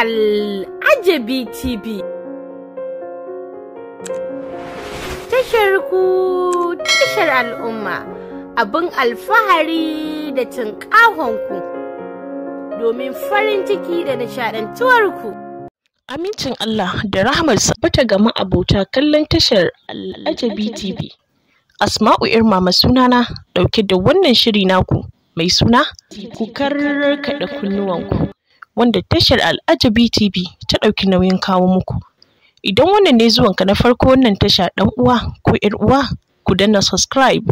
Al'ajabi TV. Tashar ku tashar al'umma abin alfahari da ku domin farin ciki da ku. Amincin Allah da rahmarsa bata gama abota kallon tashar Al'ajabi TV. Asma'u ma sunana ɗauke da wannan shiri naku mai suna ku karkaɗa kunnuwanku. wanda tashar Al'ajabi TV ta ɗauki nauyin kawo muku. Idan wannan ne zuwanka na farko wannan tasha ɗan uwa ko ‘yar uwa ku danna subscribe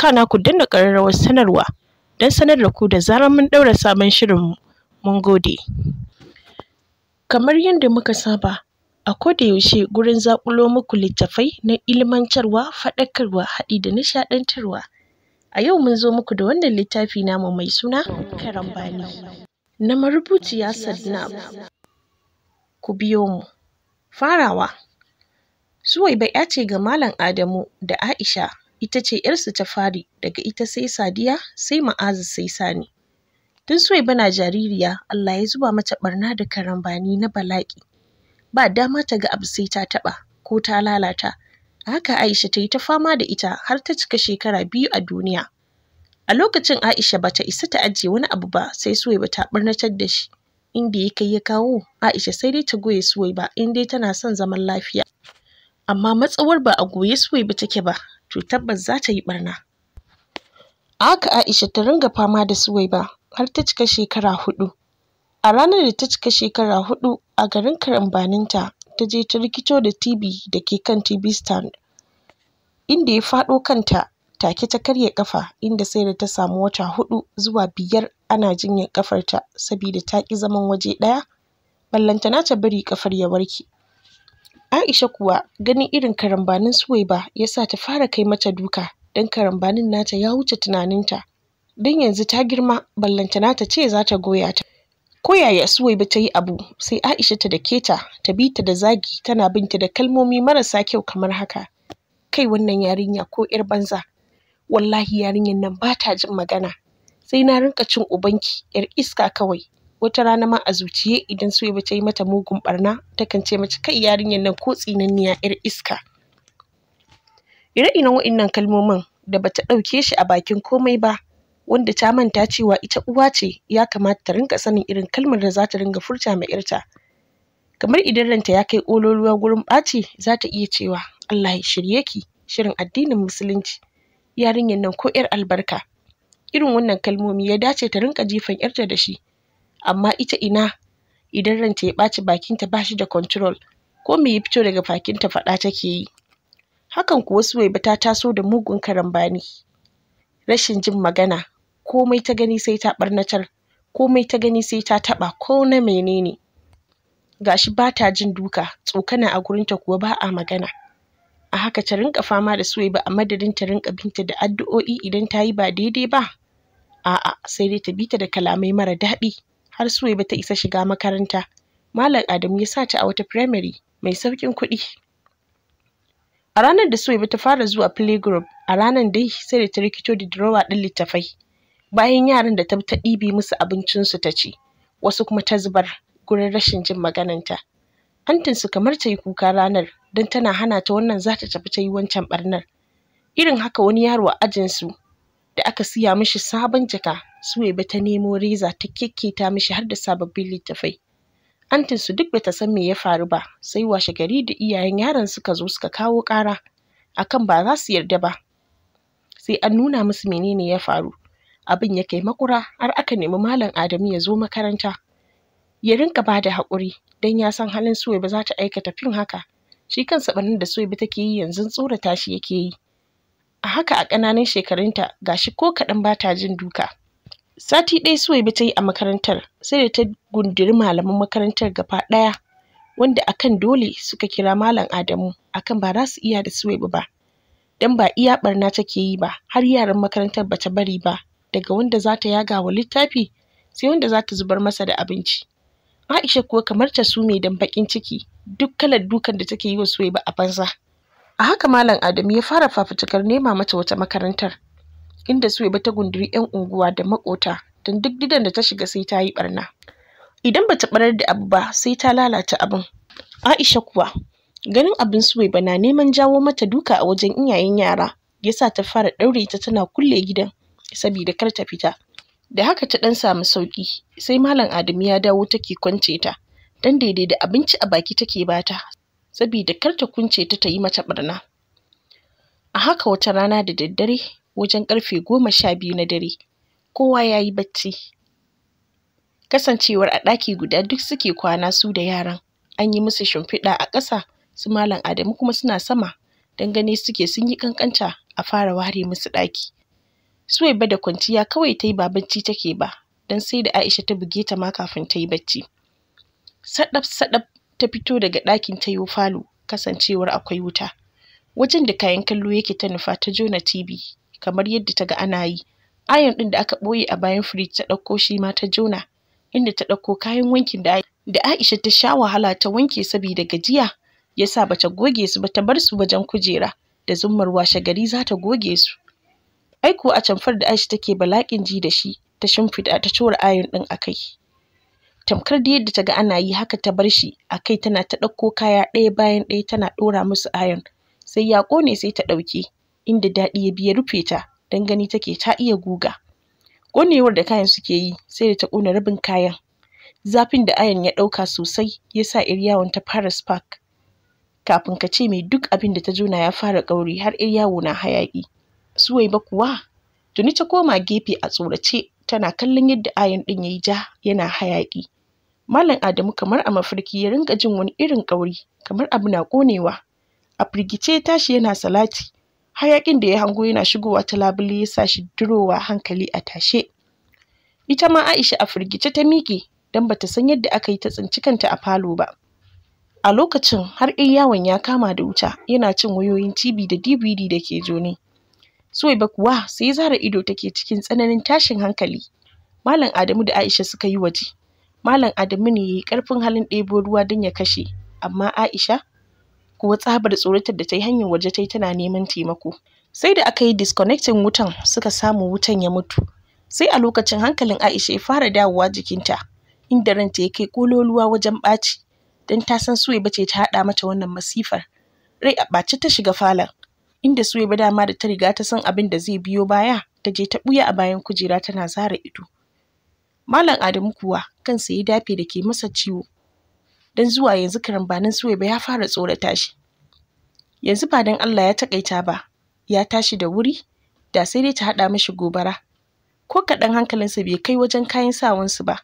kana ku danna ƙararrawar sanarwa don sanar da ku da zarar mun ɗaura sabon shirinmu. Mun gode. Kamar yadda muka saba a koda yaushe gurin zaƙulo muku littattafai na ilmantarwa, faɗakarwa haɗi da nishaɗantarwa. A yau mun zo muku da wannan littafi namu mai suna Karambani. na marubuciya Sarnab. Ku biyo mu. Farawa Suwaiba ya ce ga Malam Adamu da Aisha ita ce ‘yarsu ta fari daga ita sai Sadiya sai Ma'azu sai Sani. Tun Suwaiba na jaririya Allah ya zuba mata ɓarna da karambani na bala'i. Ba dama ta ga abu sai ta taɓa ko ta lalata. Haka Aisha ta yi ta fama da ita har ta cika shekara biyu a duniya. A lokacin Aisha bata isa ta ajiye wani abu ba sai Suwaiba ta barnatar da shi. Inda ya kai ya kawo Aisha sai dai ta goye Suwaiba in dai tana son zaman lafiya. Amma matsawar ba a goye Suwaiba take ba to tabbas za ta yi barna. haka Aisha ta ringa fama da Suwaiba har ta cika shekara hudu. A ranar da ta cika shekara hudu a garin karambaninta ta je ta rikito da TV da ke kan TV stand inda ya faɗo kanta take ta karya kafa inda sai da ta samu wata hudu zuwa biyar ana jinyar ta, sabida ta ƙi zaman waje daya ballantana ta bari kafar ya warke Aisha kuwa ganin irin karambanin Suwaiba ya sa ta fara kai mata duka don karambanin nata ya wuce ta dan yanzu ta girma ballantana ta ce za ta goya ta ko yaya Suwaiba ta yi abu sai Aisha ta da keta ta bi ta da zagi tana binta da kalmomi marasa kyau kamar haka kai wannan yarinya ko 'yar banza wallahi yarinyar nan ba ta jin magana sai na rinka cin ubanki yar iska kawai wata rana ma a zuciye idan so ba ta yi mata mugun barna takan ce mace kai yarinyar nan ko tsinanniya yar iska ire-iren wa'innan kalmomin da bata ɗauke shi a bakin komai ba wanda ta manta cewa ita uwa ce ya kamata ta rinka sanin irin kalmar da za ta rinka furta ma 'yarta kamar idan ranta ya kai ƙololuwa gurin ɓaci za ta iya cewa Allah ya shirye ki shirin addinin musulunci yarinyar nan ko yar albarka irin wannan kalmomi ya dace ta rinka jifan yarta da shi amma ita ina idan ranta ya ɓaci bakinta ba shi da control ko me ya fito daga bakinta faɗa take yi hakan kuwa Suwaiba ta taso da mugun karambani rashin jin magana komai ta gani sai ta ɓarnatar komai ta gani sai ta taɓa ko na menene gashi ba ta jin duka tsokana a gurinta kuwa ba a magana a haka ta rinka fama da Suwaiba ba a madadin ta rinka binta da addu'o'i idan ta yi ba daidai ba a'a sai dai ta bi ta da kalamai mara daɗi har Suwaiba ta isa shiga makaranta malam adamu ya sa ta a wata firamare mai sauƙin kuɗi a ranar da Suwaiba ta fara zuwa playgroup a ranar dai sai da ta rikito da drawer ɗin littafai bayan yaran da ta ɗibe musu abincinsu ta ci wasu kuma ta zubar gurin rashin jin magananta hantinsu kamar ta yi kuka ranar don tana hana ta wannan za ta tafi ta yi wancan ɓarnar. irin haka wani yaro a ajinsu da aka siya mishi sabon jaka suwaiba ta nemo reza ta kyakketa mishi har da sababbin littafai antinsu duk bata san me ya faru ba sai washe gari da iyayen yaron suka zo suka kawo ƙara akan ba za su yarda ba sai an nuna musu menene ya faru abin ya kai makura har aka nemi malam adamu ya zo makaranta ya rinka ba da haƙuri don ya san halin suwai ba za ta aikata fin haka shi kansa ɓarnar da suwai take yi yanzu tsorata shi yake yi a haka a ƙananan shekarunta gashi ko kaɗan ba ta jin duka sati ɗaya suwai ta yi a makarantar sai da ta gundiri malaman makarantar gaba ɗaya wanda akan dole suka kira malam adamu akan ba za su iya da suwai ba don ba iya ɓarna take yi ba har yaran makarantar ba ta bari ba daga wanda za ta yaga wa littafi sai wanda za ta zubar masa da abinci Aisha kuwa kamar ta su mai dan bakin ciki duk kalar dukan da take yi wa Suwaiba a banza. A haka Malam Adamu ya fara fafutukar nema mata wata makarantar inda Suwaiba ta gunduri 'yan unguwa da makota don duk gidan da ta shiga sai ta yi barna. Idan ba ta barar da abu ba sai ta lalata abin. Aisha kuwa ganin abin Suwaiba na neman jawo mata duka a wajen iyayen yara yasa ta fara ɗaure ta tana kulle gidan saboda kar ta fita. da haka ta ɗan samu sauƙi sai malam adamu ya dawo take kwance ta dan daidai da abinci a baki take bata saboda kar ta kunce ta ta yi mata barna a haka wata rana da daddare wajen ƙarfe goma sha biyu na dare kowa ya yi bacci kasancewar a ɗaki guda duk suke kwana su da yaran an yi musu shimfiɗa a ƙasa su malam adamu kuma suna sama don suke sun yi ƙanƙanta a fara ware musu ɗaki Suwaiba da kwanciya kawai ta yi babanci bacci take ba, don sai da Aisha ta buge ta ma kafin ta yi bacci. Saɗaf-saɗaf ta fito daga ɗakin ta yo falo, kasancewar akwai wuta. Wajen da kayan kallo yake ta nufa ta jona TV, kamar yadda ta ga ana yi. Ayon ɗin da aka ɓoye a bayan firij ta ɗauko shi ma ta jona, inda ta ɗauko kayan wankin da da Aisha ta sha wahala ta wanke saboda gajiya, ya sa bata goge su ba ta bar su wajen kujera, da zummar washe gari za ta goge su. ai kuwa a camfar da Aisha take balaƙin ji da shi ta shimfida ta cura ayon ɗin a kai. Tamkar da yadda ta ga ana yi haka ta bar shi a kai tana ta ɗauko kaya ɗaya bayan ɗaya tana ɗora musu ayon sai ya ƙone sai ta ɗauke inda daɗi ya biya rufe ta don gani take ta iya guga. Ƙonewar da kayan suke yi sai da ta ƙona rabin kayan. Zafin da ayon ya ɗauka sosai ya sa iryawan ta fara spark. Kafin ka ce mai duk abin da ta jona ya fara ƙauri har iryawo na hayaƙi. ba kuwa tuni ta koma gefe a tsorace tana kallon yadda ayan ɗin yayi ja yana hayaƙi. Malam Adamu kamar a mafarki ya rinka jin wani irin kauri kamar abu na konewa. A firgice tashi yana salati. Hayaƙin da ya hango yana shigowa ta labule ya sa shi durowa hankali a tashe. Ita ma Aisha a firgice ta miƙe don bata san yadda aka yi ta tsinci kanta a falo ba. A lokacin har in yawon ya kama da wuta yana cin wayoyin TV da DVD da ke jone. Suwaiba kuwa sai zara ido take cikin tsananin tashin hankali. Malam Adamu da Aisha suka yi waje. Malam Adamu ne yayi karfin halin ɗebo ruwa don ya kashe, amma Aisha kuwa tsabar tsoratar da ta yi hanyar waje ta yi tana neman taimako. Sai da aka yi disconnecting wutan suka samu wutan ya mutu. Sai a lokacin hankalin Aisha ya fara dawowa jikinta, inda ranta ya kai ƙololuwa wajen ɓaci, don ta san Suwaiba ce ta haɗa mata wannan masifar. Rai a ɓace ta shiga falon. inda Suwaiba dama da ta riga ta san abin da zai biyo baya ta je ta buya a bayan kujera tana zara ido. Malam Adamu kuwa kansa ya dafe da ke masa ciwo. Dan zuwa yanzu karambanin Suwaiba ya fara tsorata shi. Yanzu ba dan Allah ya takaita ba, ya tashi da wuri, da sai dai ta haɗa mashi gobara. Ko kaɗan hankalinsa bai kai wajen kayan sawansu ba,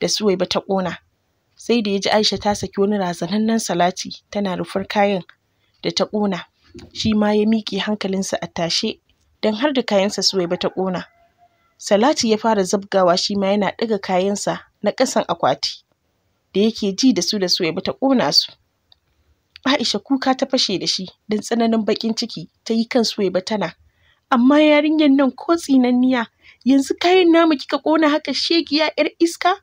da ba ta ƙona. Sai da ya ji Aisha ta saki wani razanannen salati tana rufar kayan da ta ƙona. shi ma ya miƙe hankalinsa a tashe don har da kayansa Suwaiba ta ƙona. Salati ya fara zabgawa shi ma yana ɗaga kayansa na ƙasan akwati da yake ji da su da Suwaiba ta ƙona su. Aisha kuka ta fashe da shi don tsananin baƙin ciki ta yi kan Suwaiba tana. Amma yarinyar nan ko tsinanniya yanzu kayan namu kika ƙona haka shegiya 'yar iska?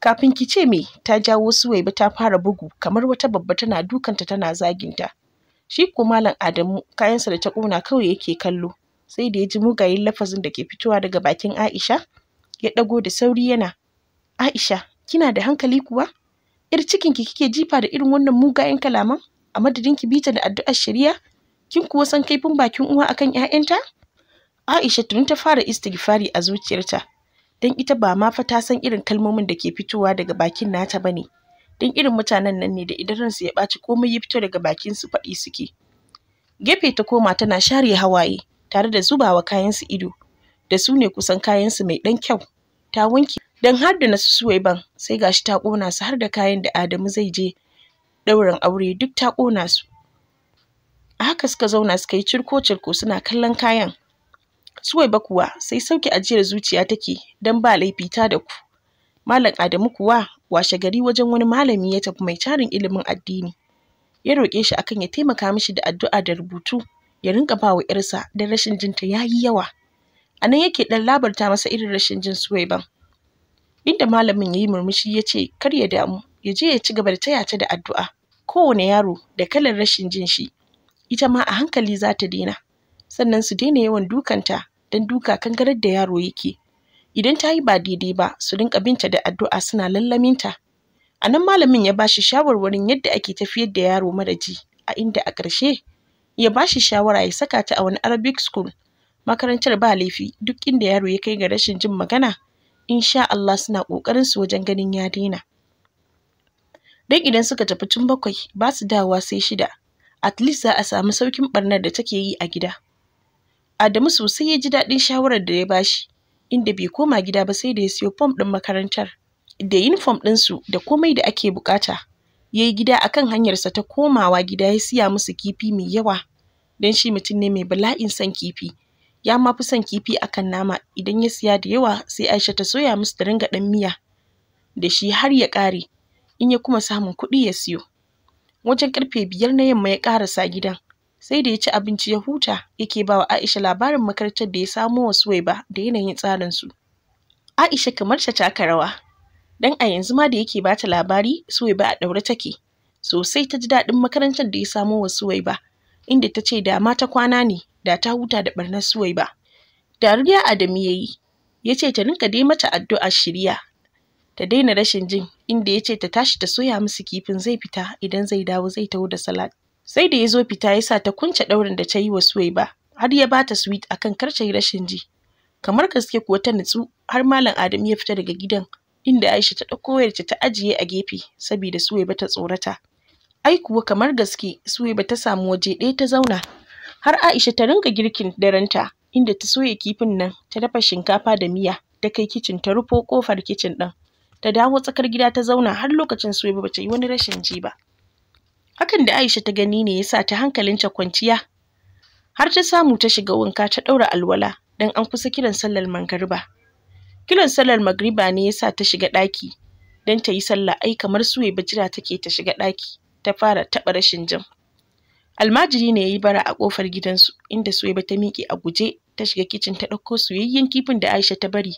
Kafin ki ce me ta jawo Suwaiba ta fara bugu kamar wata babba tana dukanta tana zaginta. shi ko malam adamu kayansa da ta ƙona kawai yake kallo sai da ya ji mugayen lafazin da ke fitowa daga bakin aisha ya ɗago da sauri yana aisha kina da hankali kuwa yar ki kike jifa da irin wannan mugayen kalaman a madadin ki bita da addu'ar shari'a kin kuwa san kaifin bakin uwa akan ƴaƴanta aisha tun ta fara istighfari a zuciyarta don ita ba ma fa ta san irin kalmomin da ke fitowa daga bakin nata bane don irin mutanen nan ne da idan ransu ya ɓaci komai ya fito daga bakin su faɗi suke gefe ta koma tana share hawaye tare da zubawa kayansu ido da su ne kusan kayansu mai ɗan kyau ta wanke don har da na su ban sai gashi ta ƙona su har da kayan da adamu zai je ɗaurin aure duk ta ƙona su a haka suka zauna suka yi cirko-cirko suna kallon kayan suwaiba kuwa sai sauke ajiyar zuciya take don ba laifi ta da ku Malam Adamu kuwa washe gari wajen wani malami ya tafi mai tarin ilimin addini. Ya roƙe shi akan ya taimaka mishi da addu'a da rubutu ya rinka ba wa ‘yarsa don rashin jinta ya yi yawa. A nan yake ɗan labarta masa irin rashin jin Suwaiban. Inda malamin ya yi murmushi ya ce kar ya damu ya je ya ci gaba da taya ta da addu'a. Kowane yaro da kalar rashin jin shi ita ma a hankali za ta daina sannan su daina yawan dukanta don duka kangarar da yaro yake. idan ta yi ba daidai ba su dinka binta da addu'a suna lallaminta a nan malamin ya bashi shawarwarin yadda ake tafiyar da yaro mara ji a inda a ƙarshe ya bashi shawara ya saka ta a wani arabic school makarantar ba laifi duk inda yaro ya kai ga rashin jin magana insha Allah suna ƙoƙarin su wajen ganin ya daina dan idan suka tafi tun bakwai ba su dawowa sai shida at least za a samu saukin barnar da take yi a gida Adamu sosai ya ji daɗin shawarar da ya bashi inda bai koma gida ba sai da ya siyo fom ɗin makarantar da yinifom ɗinsu da komai da ake bukata ya yi gida akan hanyarsa ta komawa gida ya siya musu kifi mai yawa don shi mutum ne mai bala'in son kifi ya ma fi son kifi akan nama idan ya siya da yawa sai aisha ta soya musu da ringa ɗan miya da shi har ya ƙare in ya kuma samun kuɗi ya siyo wajen ƙarfe biyar na yamma ya ƙarasa gidan sai da ya ci abinci ya huta yake ba wa Aisha labarin makarantar da ya samo wa Suwaiba da yanayin tsarin su. Aisha kamar ta taka rawa dan a yanzu ma da yake bata labari Suwaiba a daure take sosai ta ji daɗin makarantar da ya samo wa Suwaiba inda ta ce da ma ta kwana ne da ta huta da barnar Suwaiba. Dariya Adamu yayi ya ce ta rinka dai mata addu'a shirya ta daina rashin jin inda ya ce ta tashi ta soya musu kifin zai fita idan zai dawo zai taho da salat. sai da ya zo fita ya sa ta kunce ɗaurin da ta yi wa Suwaiba har ya ba bata sweet akan kar ta yi rashin ji kamar gaske kuwa ta nutsu har malam Adam ya fita daga gidan inda Aisha ta ɗauko wayarta ta ajiye a gefe saboda Suwaiba ta tsorata ai kuwa kamar gaske Suwaiba ta samu waje ɗaya ta zauna har Aisha ta rinka girkin ta inda ta soya kifin nan ta dafa shinkafa da miya ta kai kicin ta rufo kofar kicin ɗin ta dawo tsakar gida ta zauna har lokacin Suwaiba ta yi wani rashin ji ba hakan da aisha ta gani ne ya sa ta hankalinta kwanciya har ta samu ta shiga wanka ta ɗaura alwala don an kusa kiran sallar magariba kiran sallar magariba ne ya sa ta shiga ɗaki don ta yi sallah ai kamar suwe jira take ta shiga ɗaki ta fara taɓa rashin jin almajiri ne ya yi bara a ƙofar gidansu inda ba ta miƙe a guje ta shiga kicin ta ɗauko soyayyen kifin da aisha ta bari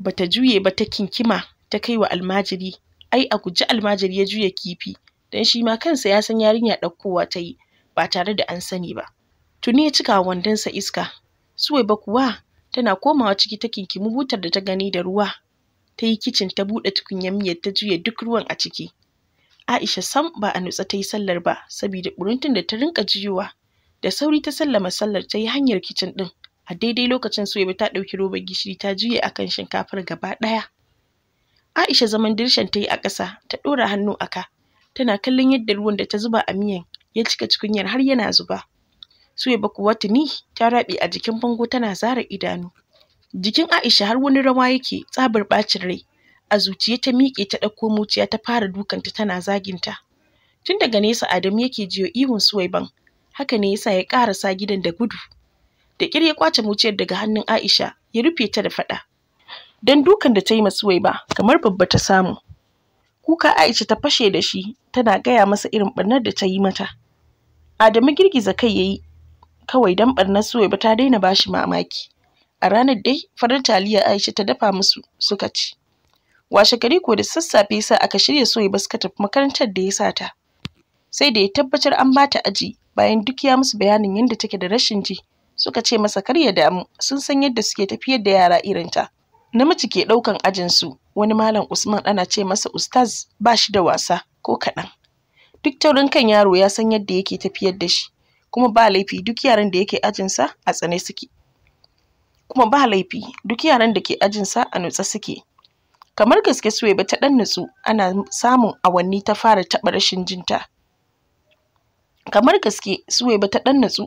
bata juye ba ta kinkima ta kai wa almajiri ai a guje almajiri ya juya kifi don shi ma kansa ya san yarinya ɗaukowa ta yi ba tare da an sani ba. Tuni ya cika wandonsa iska, suwai ba kuwa tana komawa ciki ta kinkimi butar da ta gani da ruwa. Ta yi kicin ta buɗe tukunyar miyar ta juya duk ruwan a ciki. Aisha sam ba a nutsa ta yi sallar ba saboda ɓuruntun da ta rinka jiyowa. Da sauri ta sallama sallar ta yi hanyar kicin ɗin. A daidai lokacin Suwaiba ta ɗauki robar gishiri ta juye akan shinkafar gaba ɗaya. Aisha zaman dirshan ta yi a ƙasa ta ɗora hannu a ka tana kallon yadda ruwan da ta zuba a miyan ya cika tukunyar har yana zuba Suwaiba kuwa tuni ta raɓe a jikin bango tana zara idanu jikin Aisha har wani rawa yake tsabar ɓacin rai a zuciya ta miƙe ta ɗauko muciya ta fara dukanta tana zaginta tun daga nesa Adamu yake jiyo ihun Suwaiban haka ne yasa ya sa gidan da gudu da ƙyar ya kwace muciyar daga hannun Aisha ya rufe ta da faɗa don dukan da ta yi ma Suwaiba kamar babba ta samu kuka Aisha ta fashe da shi tana gaya masa irin barnar da ta yi mata. Adamu girgiza kai yayi kawai dan barnar ba ta daina bashi mamaki. A ranar dai farin taliya Aisha ta dafa musu suka ci. Washe gari ko da sassafe sa aka shirya ba suka tafi makarantar da ya sa ta. Sai da ya tabbatar an bata aji bayan duk ya musu bayanin yadda take da rashin ji suka ce masa kar ya damu sun san yadda suke tafiyar da yara irinta. ta. namiji ke ɗaukan ajinsu wani malam usman ana ce masa ustaz ba shi da wasa ko kaɗan duk taurin kan yaro ya san yadda yake tafiyar da shi kuma ba laifi duk yaran da yake ajinsa a tsane suke kuma ba laifi duk yaran da ke ajinsa a nutsa suke kamar gaske suwaiba ta ɗan nutsu ana samun awanni ta fara taɓa rashin jinta kamar gaske suwaiba ta ɗan nutsu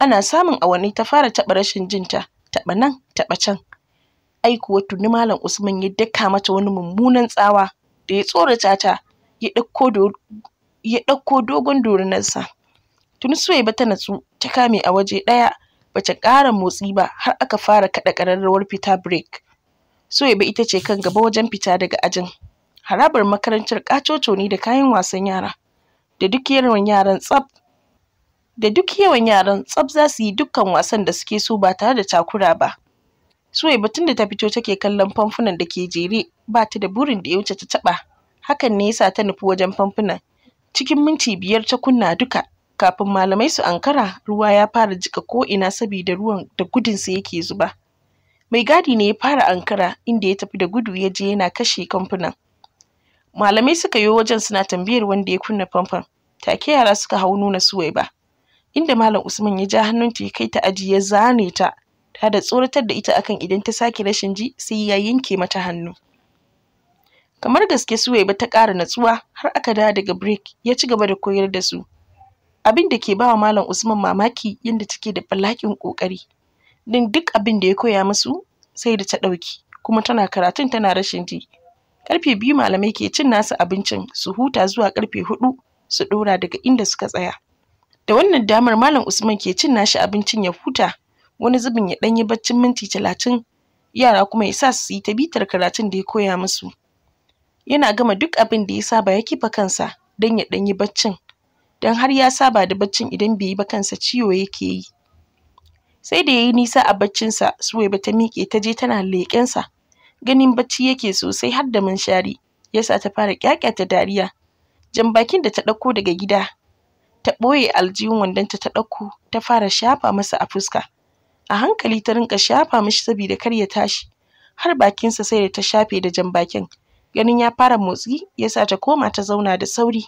ana samun awanni ta fara taɓa rashin jinta taɓa nan taɓa can ai kuwa tuni malam usman ya daka mata wani mummunan tsawa da ya tsorata ta ya ɗauko dogon dorinarsa tuni suwaiba ta natsu ta kame a waje ɗaya bata ƙara motsi ba har aka fara kaɗa ƙararrawar fita break ba ita ce kan gaba wajen fita daga ajin harabar makarantar ƙatoto ne da kayan wasan yara da duk yawan yaran tsab da duk yawan yaran tsaf za su yi dukkan wasan da suke so ba tare da takura ba batun da ta fito take kallon famfunan da ke jere ba ta da burin da ya wuce ta taɓa. Hakan ne yasa ta nufi wajen famfunan. Cikin minti biyar ta kunna duka kafin malamai su ankara ruwa ya fara jika ina saboda ruwan da gudunsa yake zuba. Mai gadi ne ya fara ankara inda ya tafi da gudu ya je yana kashe famfunan. Malamai suka yo wajen suna tambayar wanda ya kunna famfon. Take yara suka hau nuna Suwaiba. Inda Malam Usman ya ja hannun ta ya kai ta aji ya zane ta ta da tsoratar da ita akan idan ta sake rashin ji sai ya yanke mata hannu kamar gaske ba ta ƙara natsuwa har aka dawo daga break ya ci gaba da koyar da su abin da ke bawa malam usman mamaki yadda take da balakin ƙoƙari din duk abin da ya koya musu sai da ta ɗauki kuma tana karatun tana rashin ji karfe biyu malamai ke cin nasu abincin su huta zuwa karfe hudu su ɗora daga inda suka tsaya da wannan damar malam usman ke cin nashi abincin ya huta wani zubin ya ɗanyi baccin minti talatin yara kuma ya sa su yi ta bitar karatun da ya koya musu yana gama duk abin da ya saba ya kifa kansa don ya ɗanyi baccin don har ya saba da baccin idan bai yi ba kansa ciwo yake yi sai da ya yi nisa a baccinsa suwaiba ta miƙe ta je tana leƙensa ganin bacci yake sosai har da munshari ya sa ta fara ƙyaƙyata dariya jan bakin da ta ɗauko daga gida ta ɓoye aljihun wandonta ta ɗauko ta fara shafa masa a fuska a hankali ta rinka shafa mishi saboda kar ya tashi har bakinsa sai da ta shafe da jan bakin ganin ya fara motsi ya sa ta koma ta zauna da sauri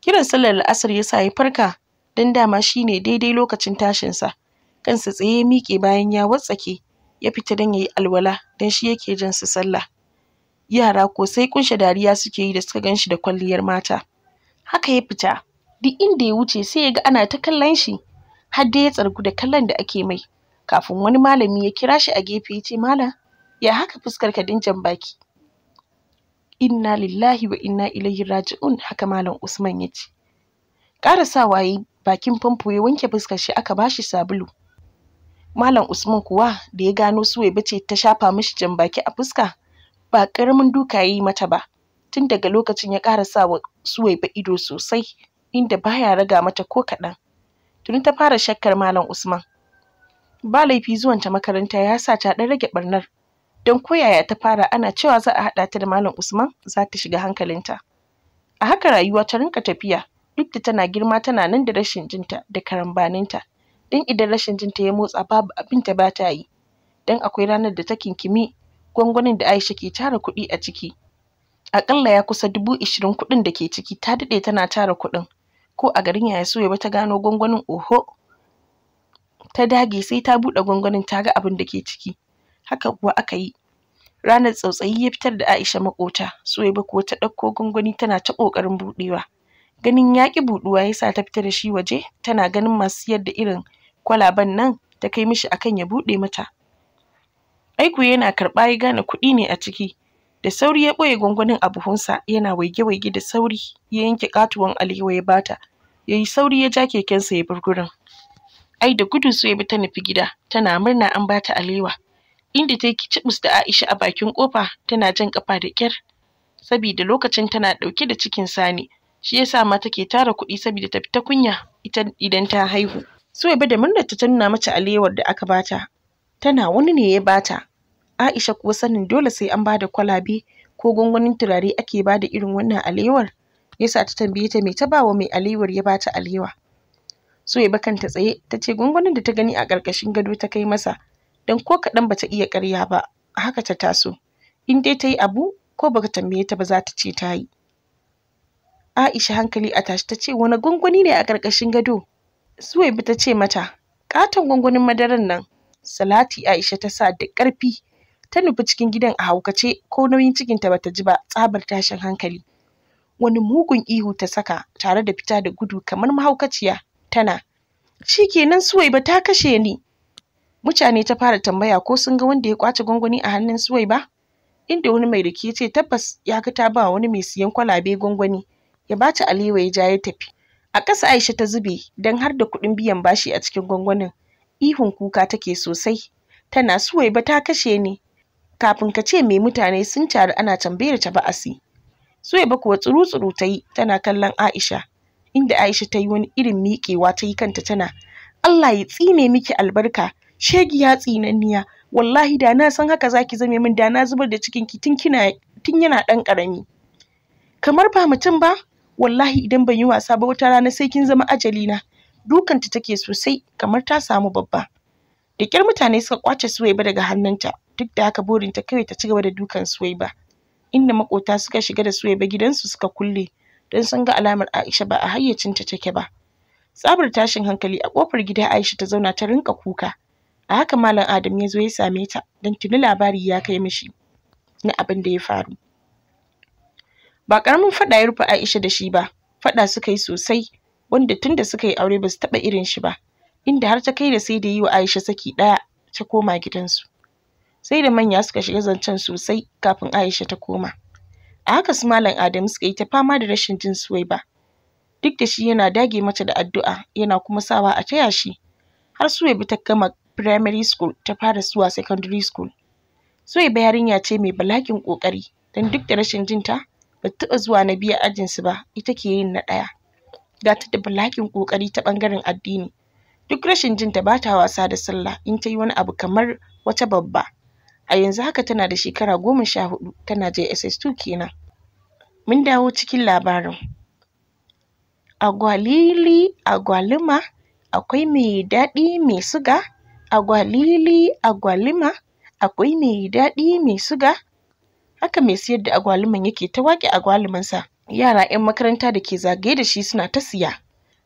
kiran sallar la'asar ya sa ya farka don dama shi ne daidai lokacin tashinsa kansa tsaye ya miƙe bayan ya watsake ya fita don ya yi alwala don shi yake jan su sallah yara ko sai kunshe dariya suke yi da suka gan shi da kwalliyar mata haka ya fita duk inda ya wuce sai ya ga ana ta kallon shi har dai ya tsargu da kallon da ake mai kafin wani malami ya kira shi a gefe ya ce malam ya haka fuskar ka dinjan baki inna lillahi wa inna ilaihi raji'un haka malam usman ya ce sa waye bakin famfo ya wanke fuskar shi aka ba shi sabulu malam usman kuwa da ya gano suwe bace ta shafa mishi jan baki a fuska ba ƙaramin duka ya yi mata ba tun daga lokacin ya ƙara sa wa suwaiba ido sosai inda baya raga mata ko kaɗan tuni ta fara shakkar malam usman ba laifi zuwanta makaranta ya sa ta ɗan rage ɓarnar don koyaya ta fara ana cewa za a haɗa ta da malam usman za ta shiga hankalinta a haka rayuwa ta rinka tafiya duk da tana girma tana nan da rashin jinta da karambaninta don idan rashin jinta ya motsa babu abin ta ba ta yi don akwai ranar da ta kinkimi gwangwanin da aisha ke tara kuɗi a ciki aƙalla ya kusa dubu ishirin kuɗin da ke ciki ta daɗe tana tara kuɗin ko a garin yaya suwaiba ta gano gwangwanin oho ta dage sai ta buɗe gwangwanin ta ga abin da ke ciki haka kuwa aka yi ranar tsautsayi ya fitar da aisha makota suwaiba kuwa ta ɗauko gwangwani tana ta ƙoƙarin buɗewa ganin yaƙi buɗuwa ya sa ta fita da shi waje tana ganin masu siyar da irin kwalaban nan ta kai mishi akan ya buɗe mata aiku yana karɓa ya gane kuɗi ne a ciki da sauri ya ɓoye gwangwanin a buhunsa yana waige-waige da sauri ya yanke katuwan alewa ya bata ya yi sauri ya ja kekensa ya bar gurin ai da gudu su ya bi ta nufi gida tana murna an bata alewa inda ta yi da Aisha a bakin kofa tana jan kafa da kyar sabida lokacin tana ɗauke da cikin sani shi yasa ma take tara kuɗi sabida ta fita kunya ita idan ta haihu Suwaiba da murnar ta nuna mata alewar da aka bata tana wani ne ya bata Aisha kuwa sanin dole sai an bada kwalabe ko gwangwanin turare ake bada irin wannan alewar yasa ta tambaye ta me ta bawa mai alewar ya bata alewa. Suwaiba kanta tsaye ta ce gwangwanin da ta gani a ƙarƙashin gado ta kai masa don ko kaɗan bata iya ƙarya ba a haka ta taso in dai ta yi abu ko baka tambaye ta ba za ta ce ta yi. Aisha hankali a tashi ta ce wani gwangwani ne a ƙarƙashin gado? Suwaiba ta ce mata ƙaton gwangwanin madaran nan. Salati Aisha ta sa da ƙarfi ta nufi cikin gidan a haukace ko nauyin cikinta bata ji ba tsabar tashin hankali wani mugun ihu ta saka tare da fita da gudu kamar mahaukaciya tana shi kenan suwaiba ta kashe ni mutane ta fara tambaya ko sun ga wanda ya kwace gwangwani a hannun suwaiba inda wani mai rike ce tabbas ya ga ta ba wani mai siyan kwalabe gwangwani ya bata Aliyu ya ja ya tafi a ƙasa aisha ta zube don har da kuɗin biyan bashi a cikin gwangwanin ihun kuka take sosai tana suwaiba ta kashe ni kafin ka ce me mutane sun taru ana tambayar ta ba'asi Suwaiba kuwa tsuru-tsuru ta yi tana kallon Aisha inda Aisha ta yi wani irin miƙewa ta yi kanta tana Allah ya tsine miki albarka shegi ya tsinanniya wallahi da na san haka zaki zame min da na zubar da cikin ki tun yana ɗan karami kamar ba mutum ba wallahi idan ban yi wasa ba wata rana sai kin zama ajali na dukanta take sosai kamar ta samu babba da kyar mutane suka kwace ba daga hannunta Duk da haka burinta kawai ta ci gaba da dukan Suwaiba. Inda makota suka shiga da Suwaiba gidansu suka kulle don sun ga alamar Aisha ba a hayyacinta take ba. Tsabar tashin hankali a kofar gida Aisha ta zauna ta rinka kuka. A haka Malam Adam ya zo ya same ta don tuni labari ya kai mishi na abin da ya faru. Ba ƙaramin faɗa ya rufe Aisha da shi ba, faɗa suka yi sosai wanda tun da suka yi aure basu su taɓa irin shi ba, inda har ta kai da sai da yi wa Aisha saki ɗaya ta koma gidansu. sai da manya suka shiga zancen sosai kafin Aisha ta koma. A haka su Malam Adamu suka yi ta fama da rashin jin Suwaiba. Duk da shi yana dage mata da addu'a yana kuma sawa a taya shi. Har Suwaiba ta gama primary school ta fara zuwa secondary school. Suwaiba yarinya ce mai balaƙin ƙoƙari don duk da rashin jinta ba ta taɓa zuwa na biya ajinsu ba ita ke yin na ɗaya. Ga ta da balaƙin ƙoƙari ta ɓangaren addini. Duk rashin jinta ba ta wasa da sallah in ta yi wani abu kamar wata babba. a yanzu haka tana da shekara goma sha hudu tana jss2 kenan mun dawo cikin labarin agwalili agwaluma akwai mai daɗi mai suga agwalili agwaluma akwai mai daɗi mai suga haka mai siyar da agwaluman yake ta waƙe agwalumansa yara 'yan makaranta da ke zagaye da shi suna ta siya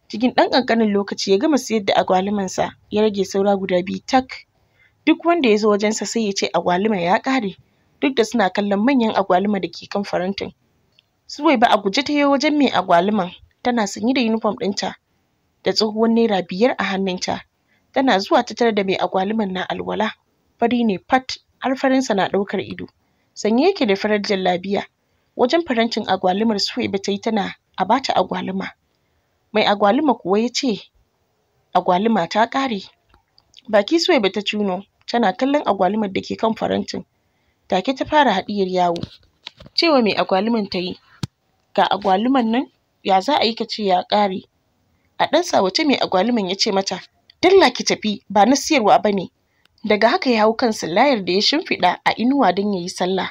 cikin ɗan ƙanƙanin lokaci ya gama siyar da agwalumansa ya rage saura guda biyu tak duk wanda ya zo wajensa sai ya ce agwaluma ya ƙare duk da suna kallon manyan agwaluma da ke kan farantin Suwaiba a guje ta yi wajen mai agwaluman tana sanye da yunifom ɗinta da tsohuwar naira biyar a hannunta tana zuwa ta tare da mai agwaluman na alwala fari ne fat har farinsa na ɗaukar ido sanye yake da farar jallabiya wajen farantin agwalumar Suwaiba ta yi tana a bata agwaluma mai agwaluma kuwa ya ce agwaluma ta ƙare Baki Suwaiba ta cuno tana kallon agwalumar da ke kan farantin. Take ta fara haɗiyar yawo. Cewa mai agwaluman ta yi, ga agwaluman nan ya za a yi ka ce ya ƙare. A ɗan sawace mai agwaluman ya ce mata, Dalla ki tafi ba na siyarwa ba ne. Daga haka ya hau kan sillayar da ya shimfiɗa a inuwa don ya yi sallah.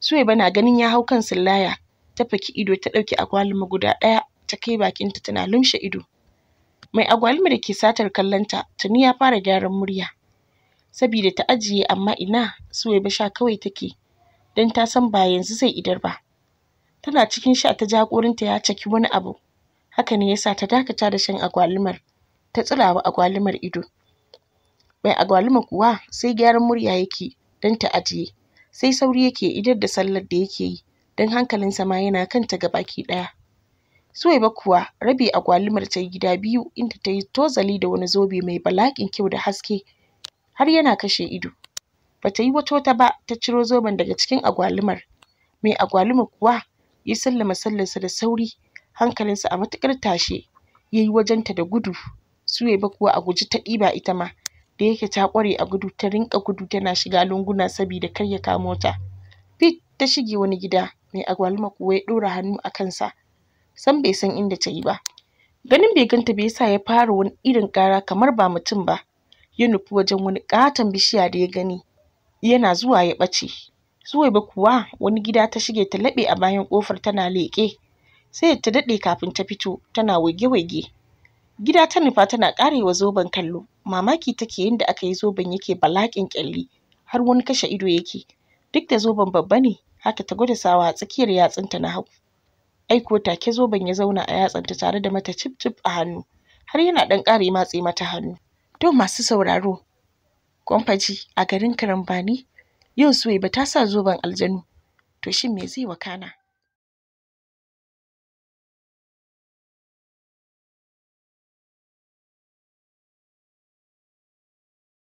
Suwaiba na ganin ya hau kan sillaya ta faki ido ta ɗauki agwaluma guda ɗaya ta kai bakinta tana lumshe ido. Mai agwaluma da ke satar kallonta tuni ya fara gyaran murya sabida ta ajiye amma ina Suwaiba sha kawai take don ta san ba yanzu zai idar ba. Tana cikin sha ta jagoranta ya caki wani abu haka ne yasa ta dakata da shan agwalumar ta tsirawa agwalumar ido. Mai agwaluma kuwa sai gyaran murya yake don ta ajiye, sai sauri yake idar da sallar da yake yi don hankalinsa ma yana kanta ga baki ɗaya. Suwaiba kuwa rabe agwalumar ta yi gida biyu inda ta yi tozali da wani zobe mai balaƙin kyau da haske har yana kashe ido. Ba ta yi wata-wata ba ta ciro zoben daga cikin agwalumar. Mai agwalumar kuwa ya sallama sallarsa da sauri hankalinsa a matuƙar tashe ya yi wajenta da gudu. Suwaiba kuwa a guje ta ɗiba ita ma da yake ta ƙware a gudu ta rinƙa gudu tana shiga lunguna sabida kar ya kamo ta. Fit ta shige wani gida mai agwaluma kuwa ya ɗora hannu a kansa. sam bai san inda ta yi ba ganin bai ganta ba yasa ya fara wani irin kara kamar ba mutum ba ya nufi wajen wani katon bishiya da ya gani yana zuwa ya ɓace ba kuwa wani gida ta shige ta laɓe a bayan ƙofar tana leƙe sai ta daɗe kafin ta fito tana waige-waige gida ta nufa tana ƙarewa zoben kallo mamaki take yadda aka yi zoben yake balaƙin ƙyalli har wani kashe ido yake duk da zoben babba ne haka ta gwada sawa a tsakiyar yatsunta na hagu Aiko, ta take zoben ya zauna a yatsanta tare da mata cif cif a hannu har yana ɗan kare matse mata hannu to masu sauraro kwamfaji a garin karambani yau suwaiba ta sa zoben aljanu to shin me zai wakana